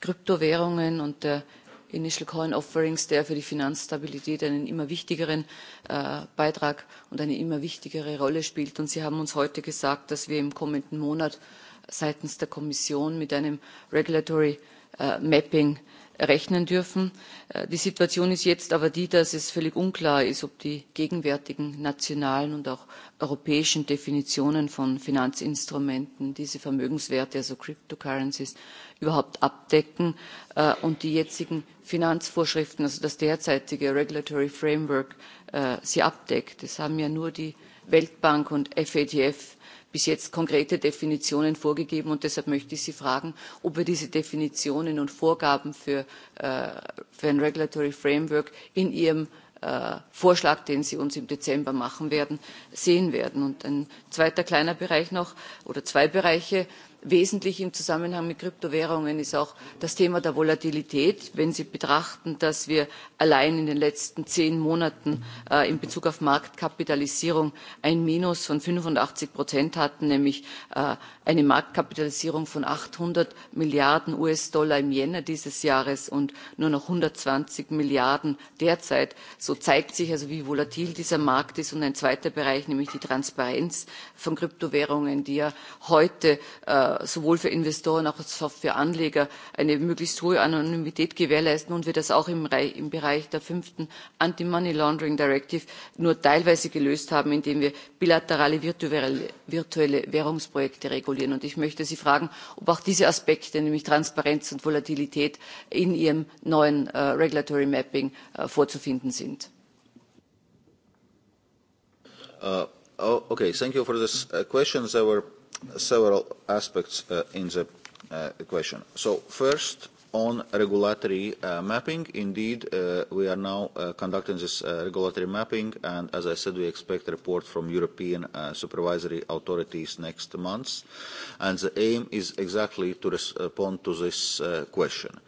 Speaker 8: Kryptowährungen und der Initial Coin Offerings, der für die Finanzstabilität einen immer wichtigeren äh, Beitrag und eine immer wichtigere Rolle spielt. Und Sie haben uns heute gesagt, dass wir im kommenden Monat seitens der Kommission mit einem Regulatory äh, Mapping rechnen dürfen. Äh, die Situation ist jetzt aber die, dass es völlig unklar ist, ob die gegenwärtigen nationalen und auch europäischen Definitionen von Finanzinstrumenten diese Vermögenswerte, also Cryptocurrencies, überhaupt abdecken äh, und die jetzigen Finanzvorschriften, also das derzeitige Regulatory Framework, äh, sie abdeckt. Das haben ja nur die Weltbank und FATF bis jetzt konkrete Definitionen vorgegeben. Und deshalb möchte ich Sie fragen, ob wir diese Definitionen und Vorgaben für, äh, für ein Regulatory Framework in Ihrem äh, Vorschlag, den Sie uns im Dezember machen werden, sehen werden. Und ein zweiter kleiner Bereich noch oder zwei Bereiche Wesentlich im Zusammenhang mit Kryptowährungen ist auch das Thema der Volatilität. Wenn Sie betrachten, dass wir allein in den letzten zehn Monaten äh, in Bezug auf Marktkapitalisierung ein Minus von 85 Prozent hatten, nämlich äh, eine Marktkapitalisierung von 800 Milliarden US-Dollar im Jänner dieses Jahres und nur noch 120 Milliarden derzeit. So zeigt sich also, wie volatil dieser Markt ist. Und ein zweiter Bereich, nämlich die Transparenz von Kryptowährungen, die ja heute äh, sowohl für Investoren als auch für Anleger eine möglichst hohe Anonymität gewährleisten und wir das auch im, im Bereich der fünften Anti-Money Laundering Directive nur teilweise gelöst haben, indem wir bilaterale virtuelle, virtuelle Währungsprojekte regulieren. Und ich möchte Sie fragen, ob auch diese Aspekte, nämlich Transparenz und Volatilität, in Ihrem neuen äh, Regulatory Mapping äh, vorzufinden sind.
Speaker 2: Uh, oh, okay, thank you for this uh, questions. Our several aspects uh, in the uh, question. So first, on regulatory uh, mapping, indeed, uh, we are now uh, conducting this uh, regulatory mapping, and as I said, we expect a report from European uh, supervisory authorities next month, and the aim is exactly to respond to this uh, question. Uh,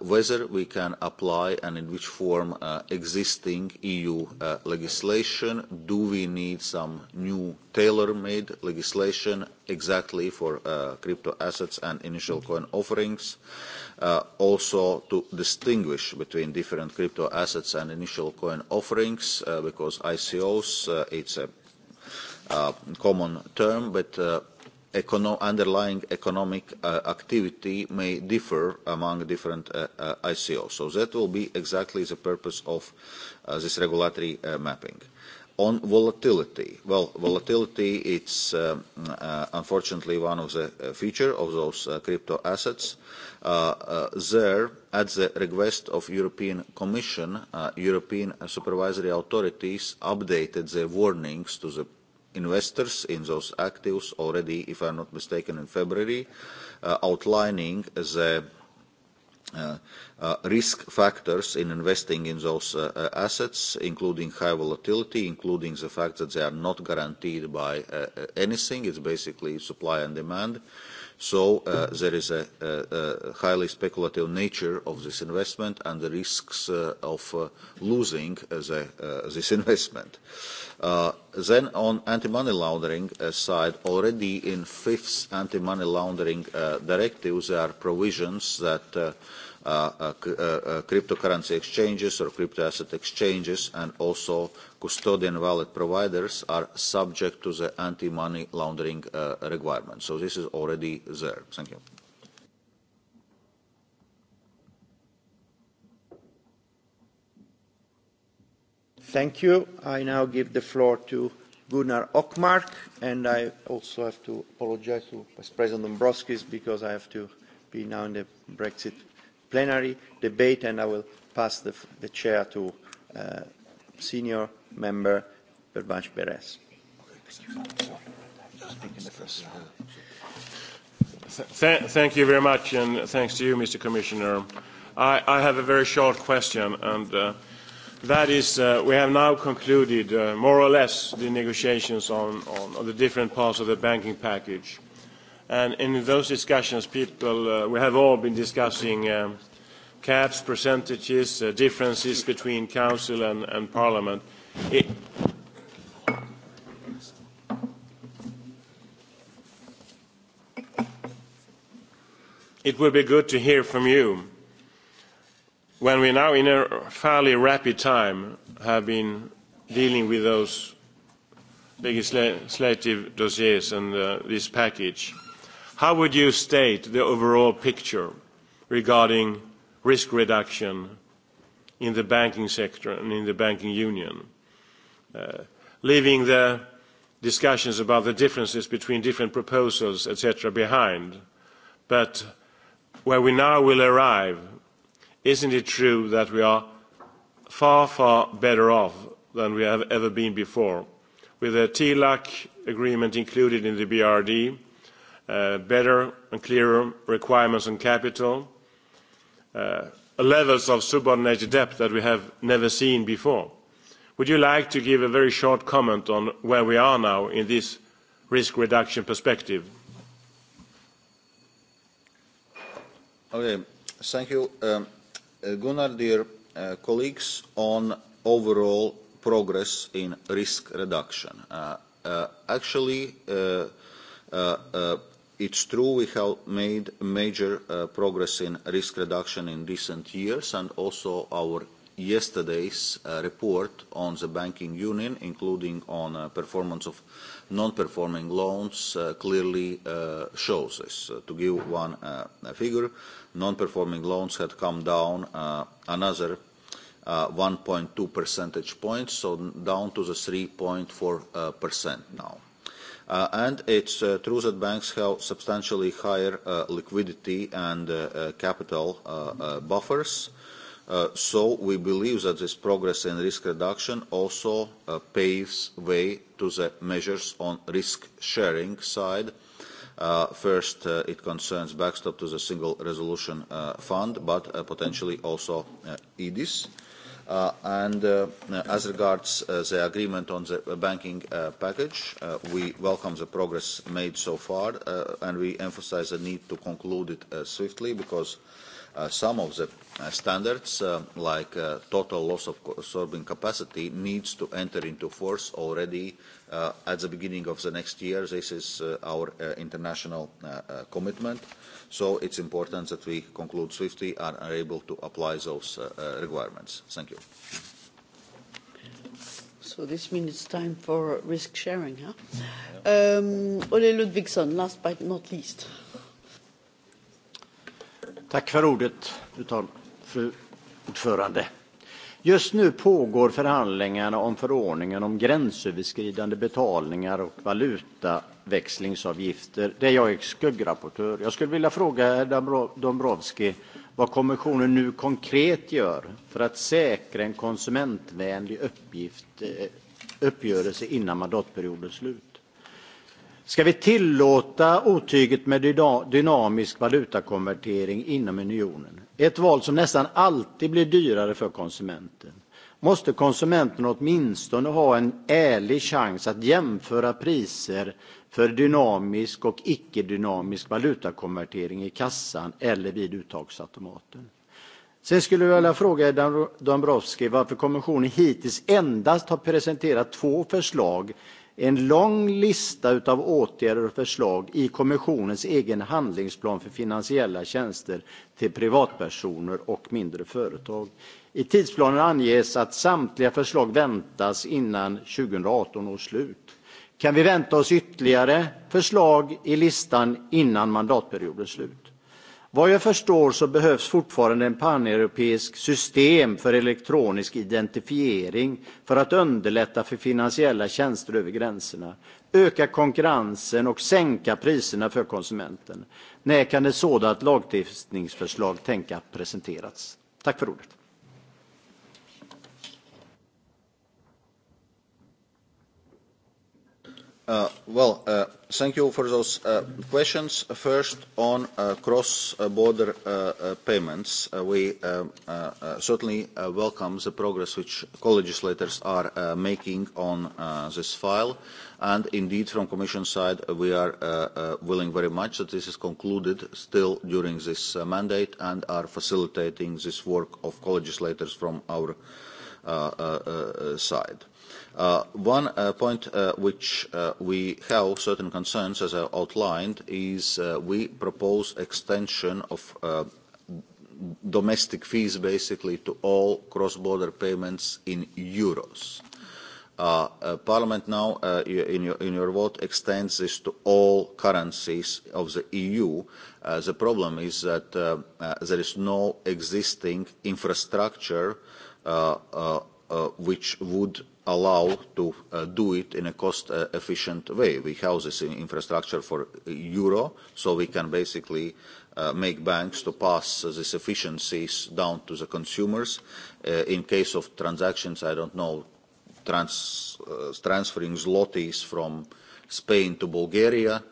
Speaker 2: whether we can apply and in which form uh, existing EU uh, legislation. Do we need some new tailor-made legislation exactly for uh, crypto assets and initial coin offerings? Uh, also to distinguish between different crypto assets and initial coin offerings uh, because ICOs, uh, it's a uh, common term, but uh, econo underlying economic uh, activity may differ among different uh, uh, ICOs. So that will be exactly the purpose of uh, this regulatory uh, mapping. On volatility, well, volatility it's um, uh, unfortunately one of the uh, feature of those uh, crypto assets. Uh, uh, there, at the request of European Commission, uh, European supervisory authorities updated their warnings to the investors in those actives already, if I'm not mistaken, in February, uh, outlining the uh, uh, risk factors in investing in those uh, uh assets, including high volatility, including the fact that they are not guaranteed by uh, uh anything. It's basically supply and demand. Uh, So uh, there is a, a, a highly speculative nature of this investment and the risks uh, of uh, losing the, uh, this investment. Uh, then on anti-money laundering side, already in fifth anti-money laundering uh, directive, there are provisions that uh, uh, uh, uh, cryptocurrency exchanges or crypto asset exchanges and also custodian wallet providers are subject to the anti-money laundering uh, requirement. So this is already there. Thank you.
Speaker 1: Thank you. I now give the floor to Gunnar Ockmark, and I also have to apologize to Vice President Dombrovskis because I have to be now in the Brexit plenary debate, and I will pass the, the chair to uh, senior member Pervash
Speaker 9: Beres. Th thank you very much, and thanks to you, Mr. Commissioner. I, I have a very short question, and uh, that is, uh, we have now concluded uh, more or less the negotiations on, on, on the different parts of the banking package. And in those discussions, people, uh, we have all been discussing um, caps, percentages, uh, differences between council and, and parliament. Et... It would be good to hear from you when we now, in a fairly rapid time, have been dealing with those legislative dossiers and uh, this package, how would you state the overall picture regarding risk reduction in the banking sector and in the banking union? uh, leaving the discussions about the differences between different proposals, etc., behind. But where we now will arrive, isn't it true that we are far, far better off than we have ever been before, with a TLAC agreement included in the BRD, uh, better and clearer requirements on capital, uh, levels of subordinated debt that we have never seen before. Would you like to give a very short comment on where we are now in this risk reduction perspective?
Speaker 2: Okay. Thank you. Um, uh, Gunnar, dear uh, colleagues, on overall progress in risk reduction. Uh, uh, actually, uh, uh, it's true we have made major progress in risk reduction in recent years, and also our yesterday's uh, report on the banking union, including on uh, performance of non-performing loans, uh, clearly uh, shows this. Uh, to give one uh, figure, non-performing loans had come down uh, another uh, 1.2 percentage points, so down to the 3.4% uh, percent now. Uh, and it's uh, true that banks have substantially higher uh, liquidity and uh, uh, capital uh, uh, buffers uh, Uh, so we believe that this progress in risk reduction also uh, paves way to the measures on risk sharing side. Uh, first, uh, it concerns backstop to the Single Resolution uh, Fund, but uh, potentially also uh, EDIS. Uh, and uh, as regards uh, the agreement on the banking uh, package, uh, we welcome the progress made so far, uh, and we emphasize the need to conclude it uh, swiftly because uh, uh, some of the uh, standards, uh, like uh, total loss of absorbing capacity, needs to enter into force already uh, at the beginning of the next year. This is uh, our uh, international uh, uh, commitment. So it's important that we conclude swiftly and are able to apply those uh, uh, requirements. Thank you.
Speaker 4: So this means it's time for risk sharing, huh? Yeah. Um, Ole Ludvigsson, last but not least. Uh,
Speaker 10: Tack för ordet, fru ordförande. Just nu pågår förhandlingarna om förordningen om gränsöverskridande betalningar och valutaväxlingsavgifter, där jag är skuggrapportör. Jag skulle vilja fråga herr Dombrovskis vad kommissionen nu konkret gör för att säkra en konsumentvänlig uppgörelse innan mandatperiodens slut. Ska vi tillåta otyget med dynamisk valutakonvertering inom unionen? Ett val som nästan alltid blir dyrare för konsumenten. Måste konsumenten åtminstone ha en ärlig chans att jämföra priser för dynamisk och icke-dynamisk valutakonvertering i kassan eller vid uttagsautomaten? Sen skulle jag vilja fråga Dombrovskis varför kommissionen hittills endast har presenterat två förslag. En lång lista av åtgärder och förslag i kommissionens egen handlingsplan för finansiella tjänster till privatpersoner och mindre företag. I tidsplanen anges att samtliga förslag väntas innan 2018 års slut. Kan vi vänta oss ytterligare förslag i listan innan mandatperiodens slut? Vad jag förstår så behövs fortfarande en paneuropeisk system för elektronisk identifiering för att underlätta för finansiella tjänster över gränserna, öka konkurrensen och sänka priserna för konsumenten. När kan ett sådant lagstiftningsförslag tänkas presenteras? Tack för ordet.
Speaker 2: Uh, well, uh, thank you for those uh, questions. First, on uh, cross-border uh, uh, payments, uh, we um, uh, uh, certainly uh, welcome the progress which co-legislators are uh, making on uh, this file. And indeed, from Commission side, we are uh, uh, willing very much that this is concluded still during this uh, mandate and are facilitating this work of co-legislators from our uh, uh, uh, side. Uh, one uh, point uh, which uh, we have certain concerns, as I uh, outlined, is uh, we propose extension of uh, domestic fees basically to all cross-border payments in euros. Uh, uh, Parliament now, uh, in, your, in your vote, extends this to all currencies of the EU. Uh, the problem is that uh, uh, there is no existing infrastructure uh, uh, uh, which would allow to uh, do it in a cost uh, efficient way. We house this in infrastructure for euro, so we can basically uh, make banks to pass uh, these efficiencies down to the consumers. Uh, in case of transactions, I don't know, trans, uh, transferring zlotys from Spain to Bulgaria,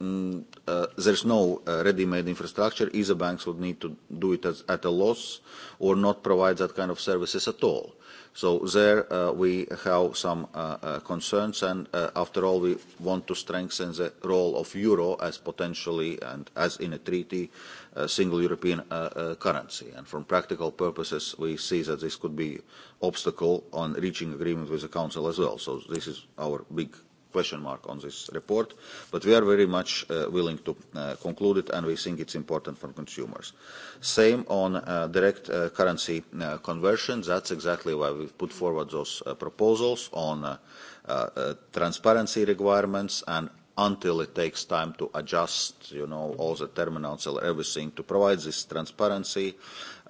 Speaker 2: mm, uh, there's no uh, ready-made infrastructure. Either banks would need to do it as, at a loss or not provide that kind of services at all. So there uh, we have some uh, uh, concerns and uh, after all we want to strengthen the role of euro as potentially and as in a treaty uh, single European uh, uh, currency. And from practical purposes we see that this could be obstacle on reaching agreement with the Council as well. So this is our big question mark on this report, but we are very much uh, willing to uh, conclude it, and we think it's important for consumers. Same on uh, direct uh, currency uh, conversion. That's exactly why we've put forward those uh, proposals on uh, uh, uh, transparency requirements and until it takes time to adjust, you know, all the terminals and everything to provide this transparency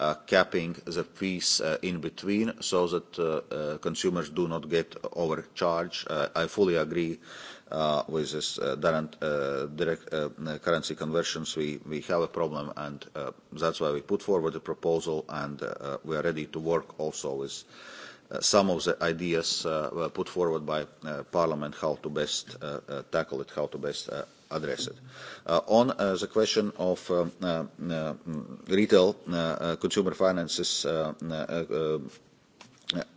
Speaker 2: uh, capping the fees uh, in between so that uh, uh, consumers do not get overcharged. Uh, I fully agree uh, with this uh, direct, uh, direct uh, currency conversions. We, we have a problem and uh, that's why we put forward a proposal and uh, we are ready to work also with uh, some of the ideas uh, were put forward by uh, Parliament how to best uh, uh, tackle it, how to best uh, addressed. Uh, on uh, the question of um, uh, uh, retail uh, uh, consumer finances uh, uh, uh,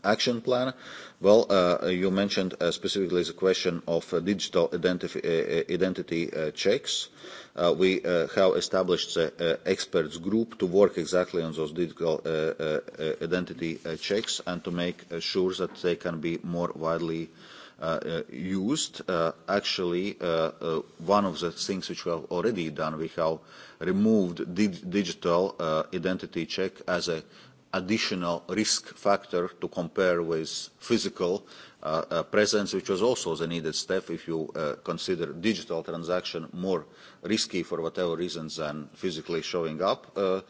Speaker 2: action plan, well, uh, you mentioned uh, specifically the question of uh, digital identity, uh, uh, identity uh, checks. Uh, we uh, have established the uh, experts group to work exactly on those digital uh, uh, uh identity uh, checks and to make uh, sure that they can be more widely uh, Uh, uh, used. Uh, actually, uh, uh, one of the things which we have already done, we have removed dig digital uh, identity check as an additional risk factor to compare with physical uh, uh, presence, which was also the needed step if you uh, consider digital transaction more risky for whatever reasons than physically showing up. Uh,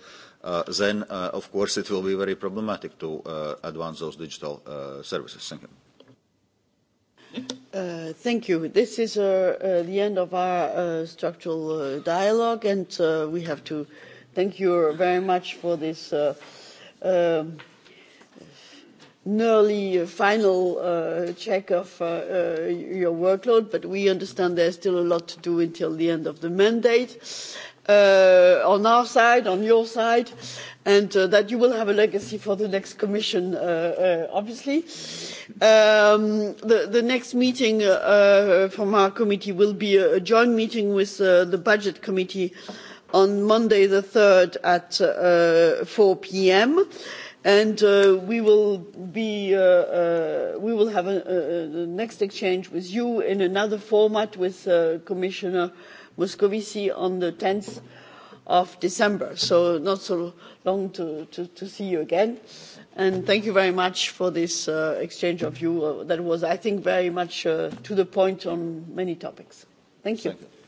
Speaker 2: uh, then, uh, of course, it will be very problematic to uh, advance those digital uh, services. Thank you.
Speaker 4: Uh, thank you. This is uh, uh, the end of our uh, structural uh, dialogue, and uh, we have to thank you very much for this uh, um, nearly final uh, check of uh, uh, your workload, but we understand there's still a lot to do until the end of the mandate uh, on our side, on your side, and uh, that you will have a legacy for the next commission, uh, uh, obviously. Um, the, the next meeting uh, uh from our committee will be a, a joint meeting with uh, the budget committee on Monday the 3rd at uh, 4 uh, p.m. And uh, we will be, uh, uh, we will have a, a, a next exchange with you in another format with uh, Commissioner uh, moscovici on ten december so not so long to, to, to see you again and thank you very much for this uh, exchange of views uh, that was i think very much uh, to the point on many topics. thank you. Thank you.